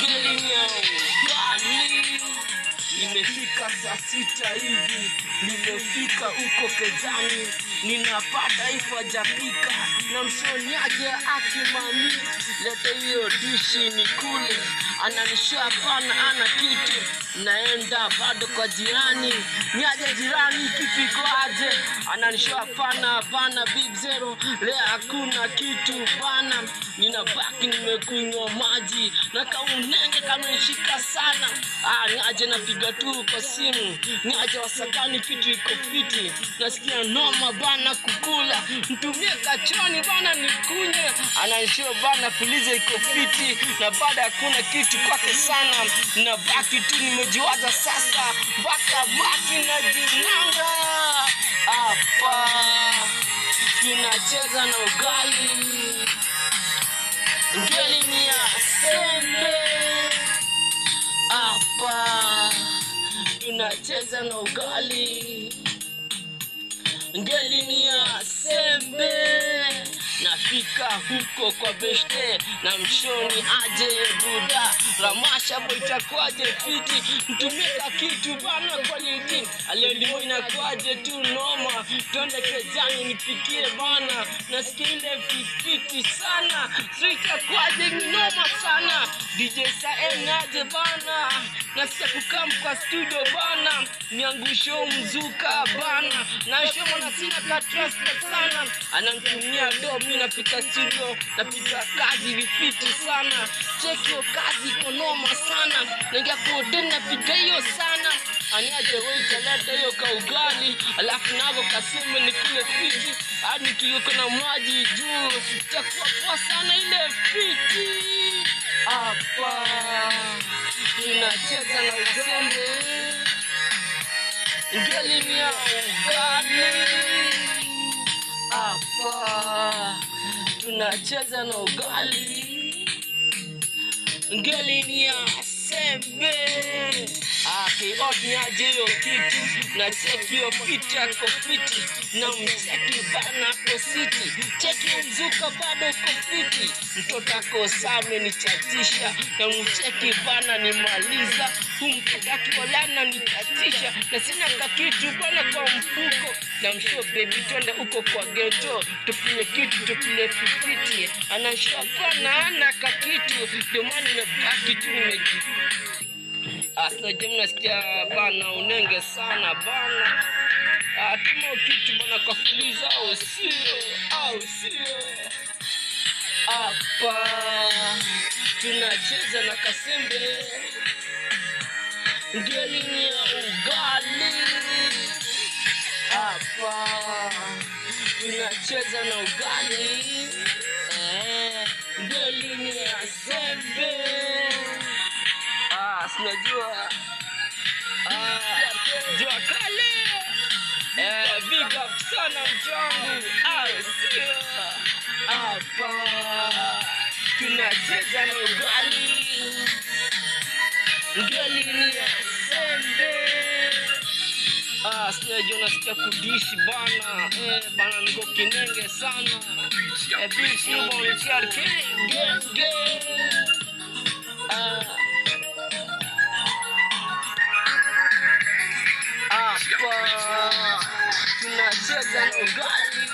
Geliyor, yani, yine şu sasa sita hivi nimefika huko Kezani, ninapata ifa japika na mshonyaje akimami lete hiyo dishi ni kule, ananishia pana ana kitu naenda bado kwa jirani, nyaje jirani kipiko aje, ananishia hapana, pana big zero, leo hakuna kitu bana, ninabaki nimekunywa maji na kaunenge kameshika sana, ah, nyaje napiga tu kwa simu ni aja kitu iko fiti, nasikia noma bana, kukula mtumie kachoni bana, nikunye anaishiwa bana, fuliza iko fiti, na baada hakuna kitu kwake sana, na baki tu nimejiwaza sasa, mpaka baki na jinanga hapa tunacheza na ugali ngeli ni ya nacheza na ugali, ngeli ni ya sembe. Nafika huko kwa beshte na mshoni aje buda ramasha boitakwaje fiti mtumika kitu bana kwa lingine leo inakuaje tu noma, twende kejani nipikie bana, nasikia ile fifiti sana, so itakuaje ni noma sana, DJ Saem naje bana, nasikia kukam kwa studio bana, niangusho mzuka bana, na mwana sina ka katrasta sana, anantumia do, mi napika studio, napika kazi vifiti sana, cheki yo kazi kwa noma sana, naingia kuodeni napiga hiyo sana anyaje wiki hiyo kaugani, alafu nako ni kile fiti hadi tuiko na maji juu, sitakuwa poa sana ile fiti hapa inacheza na uzembe ngeli ya ugani hapa tunacheza na ugali ngeli ya sembe akionya jio kitu na chekio fiti ako fiti na mcheki bana ko siti cheki mzuka bado ko fiti mtoto akosame ni chatisha na mcheki bana ni maliza humtakakiolana ni chatisha na sina kakitu bana kwa mfuko na msho bebi twende uko kwa geto tupile kitu tupile fifiti anashakwa na ana kakitu ndio maana nimebaki tu nimeji Stajim nasikia bana, unenge sana bana, ah, tuma kitu bana kwa fuliza, au sio? Au sio? Hapa tunacheza na kasembe, ndio lini ya ugali. Hapa tunacheza na ugali, eh, ndio lini ya sembe basi najua ah, jua kale eh, big up sana mjangu ah, sio hapa tunacheza na ugali ugali ni ya sembe ah, sinajua nasikia kudishi bana eh, bana niko kinenge sana eh, big snubon trk genge ah. children, oh guy.